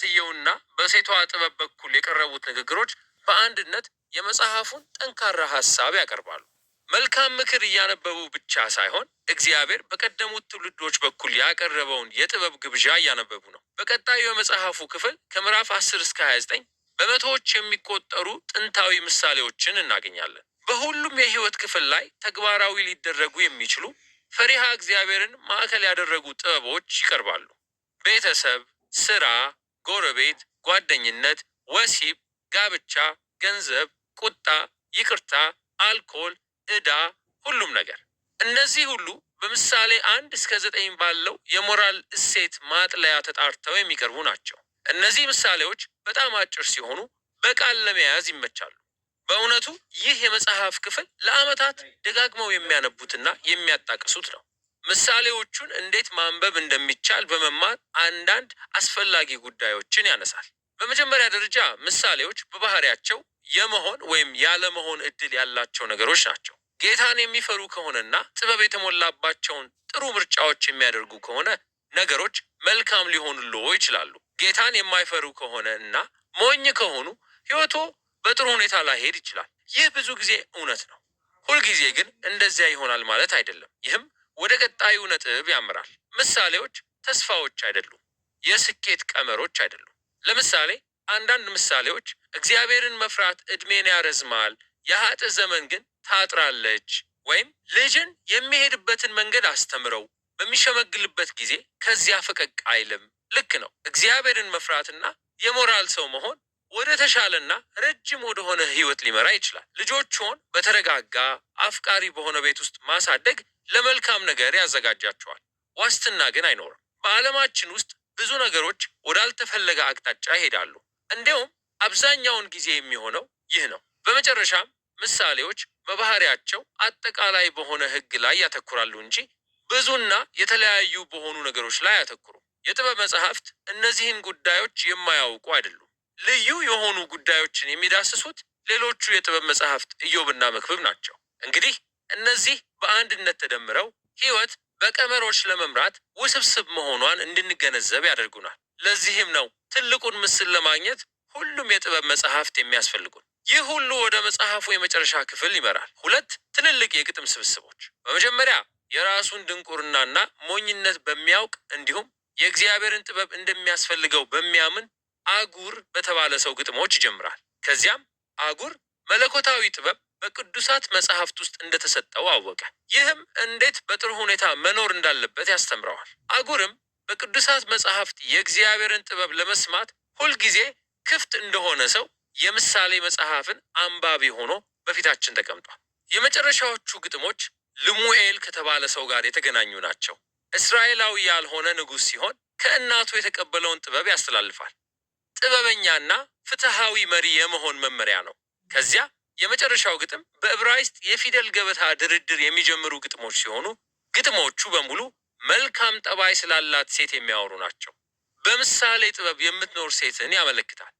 በሴትየውና በሴቷ ጥበብ በኩል የቀረቡት ንግግሮች በአንድነት የመጽሐፉን ጠንካራ ሀሳብ ያቀርባሉ። መልካም ምክር እያነበቡ ብቻ ሳይሆን እግዚአብሔር በቀደሙት ትውልዶች በኩል ያቀረበውን የጥበብ ግብዣ እያነበቡ ነው። በቀጣዩ የመጽሐፉ ክፍል ከምዕራፍ 10 እስከ 29 በመቶዎች የሚቆጠሩ ጥንታዊ ምሳሌዎችን እናገኛለን። በሁሉም የሕይወት ክፍል ላይ ተግባራዊ ሊደረጉ የሚችሉ ፈሪሃ እግዚአብሔርን ማዕከል ያደረጉ ጥበቦች ይቀርባሉ። ቤተሰብ፣ ስራ፣ ጎረቤት፣ ጓደኝነት፣ ወሲብ፣ ጋብቻ፣ ገንዘብ፣ ቁጣ፣ ይቅርታ፣ አልኮል፣ ዕዳ፣ ሁሉም ነገር። እነዚህ ሁሉ በምሳሌ አንድ እስከ ዘጠኝ ባለው የሞራል እሴት ማጥለያ ተጣርተው የሚቀርቡ ናቸው። እነዚህ ምሳሌዎች በጣም አጭር ሲሆኑ በቃል ለመያዝ ይመቻሉ። በእውነቱ ይህ የመጽሐፍ ክፍል ለዓመታት ደጋግመው የሚያነቡትና የሚያጣቅሱት ነው። ምሳሌዎቹን እንዴት ማንበብ እንደሚቻል በመማር አንዳንድ አስፈላጊ ጉዳዮችን ያነሳል። በመጀመሪያ ደረጃ ምሳሌዎች በባህሪያቸው የመሆን ወይም ያለመሆን እድል ያላቸው ነገሮች ናቸው። ጌታን የሚፈሩ ከሆነና ጥበብ የተሞላባቸውን ጥሩ ምርጫዎች የሚያደርጉ ከሆነ ነገሮች መልካም ሊሆኑልዎ ይችላሉ። ጌታን የማይፈሩ ከሆነ እና ሞኝ ከሆኑ ሕይወቶ በጥሩ ሁኔታ ላይሄድ ይችላል። ይህ ብዙ ጊዜ እውነት ነው። ሁልጊዜ ግን እንደዚያ ይሆናል ማለት አይደለም። ይህም ወደ ቀጣዩ ነጥብ ያምራል። ምሳሌዎች ተስፋዎች አይደሉም፣ የስኬት ቀመሮች አይደሉም። ለምሳሌ አንዳንድ ምሳሌዎች እግዚአብሔርን መፍራት ዕድሜን ያረዝማል፣ የሀጥ ዘመን ግን ታጥራለች፣ ወይም ልጅን የሚሄድበትን መንገድ አስተምረው በሚሸመግልበት ጊዜ ከዚያ ፈቀቅ አይልም። ልክ ነው። እግዚአብሔርን መፍራትና የሞራል ሰው መሆን ወደ ተሻለና ረጅም ወደሆነ ህይወት ሊመራ ይችላል። ልጆችን በተረጋጋ አፍቃሪ በሆነ ቤት ውስጥ ማሳደግ ለመልካም ነገር ያዘጋጃቸዋል። ዋስትና ግን አይኖርም። በዓለማችን ውስጥ ብዙ ነገሮች ወዳልተፈለገ አቅጣጫ ይሄዳሉ። እንዲያውም አብዛኛውን ጊዜ የሚሆነው ይህ ነው። በመጨረሻም ምሳሌዎች በባህሪያቸው አጠቃላይ በሆነ ሕግ ላይ ያተኩራሉ እንጂ ብዙና የተለያዩ በሆኑ ነገሮች ላይ አያተኩሩም። የጥበብ መጽሐፍት እነዚህን ጉዳዮች የማያውቁ አይደሉም። ልዩ የሆኑ ጉዳዮችን የሚዳስሱት ሌሎቹ የጥበብ መጽሐፍት ኢዮብና መክብብ ናቸው። እንግዲህ እነዚህ በአንድነት ተደምረው ህይወት በቀመሮች ለመምራት ውስብስብ መሆኗን እንድንገነዘብ ያደርጉናል። ለዚህም ነው ትልቁን ምስል ለማግኘት ሁሉም የጥበብ መጽሐፍት የሚያስፈልጉን። ይህ ሁሉ ወደ መጽሐፉ የመጨረሻ ክፍል ይመራል። ሁለት ትልልቅ የግጥም ስብስቦች። በመጀመሪያ የራሱን ድንቁርናና ሞኝነት በሚያውቅ እንዲሁም የእግዚአብሔርን ጥበብ እንደሚያስፈልገው በሚያምን አጉር በተባለ ሰው ግጥሞች ይጀምራል። ከዚያም አጉር መለኮታዊ ጥበብ በቅዱሳት መጽሐፍት ውስጥ እንደተሰጠው አወቀ። ይህም እንዴት በጥሩ ሁኔታ መኖር እንዳለበት ያስተምረዋል። አጉርም በቅዱሳት መጽሐፍት የእግዚአብሔርን ጥበብ ለመስማት ሁልጊዜ ክፍት እንደሆነ ሰው የምሳሌ መጽሐፍን አንባቢ ሆኖ በፊታችን ተቀምጧል። የመጨረሻዎቹ ግጥሞች ልሙኤል ከተባለ ሰው ጋር የተገናኙ ናቸው። እስራኤላዊ ያልሆነ ንጉሥ ሲሆን ከእናቱ የተቀበለውን ጥበብ ያስተላልፋል። ጥበበኛና ፍትሃዊ መሪ የመሆን መመሪያ ነው። ከዚያ የመጨረሻው ግጥም በዕብራይስጥ የፊደል ገበታ ድርድር የሚጀምሩ ግጥሞች ሲሆኑ ግጥሞቹ በሙሉ መልካም ጠባይ ስላላት ሴት የሚያወሩ ናቸው። በምሳሌ ጥበብ የምትኖር ሴትን ያመለክታል።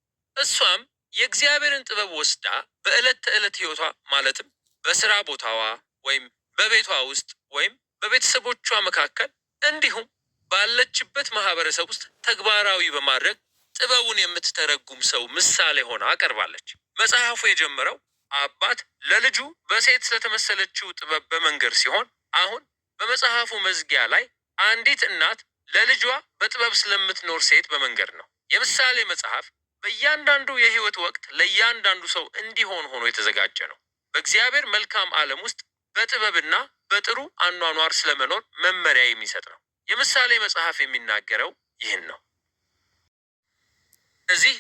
እሷም የእግዚአብሔርን ጥበብ ወስዳ በዕለት ተዕለት ሕይወቷ ማለትም በስራ ቦታዋ ወይም በቤቷ ውስጥ ወይም በቤተሰቦቿ መካከል እንዲሁም ባለችበት ማህበረሰብ ውስጥ ተግባራዊ በማድረግ ጥበቡን የምትተረጉም ሰው ምሳሌ ሆና አቀርባለች። መጽሐፉ የጀመረው አባት ለልጁ በሴት ስለተመሰለችው ጥበብ በመንገር ሲሆን አሁን በመጽሐፉ መዝጊያ ላይ አንዲት እናት ለልጇ በጥበብ ስለምትኖር ሴት በመንገድ ነው። የምሳሌ መጽሐፍ በእያንዳንዱ የህይወት ወቅት ለእያንዳንዱ ሰው እንዲሆን ሆኖ የተዘጋጀ ነው። በእግዚአብሔር መልካም ዓለም ውስጥ በጥበብና በጥሩ አኗኗር ስለመኖር መመሪያ የሚሰጥ ነው። የምሳሌ መጽሐፍ የሚናገረው ይህን ነው። እዚህ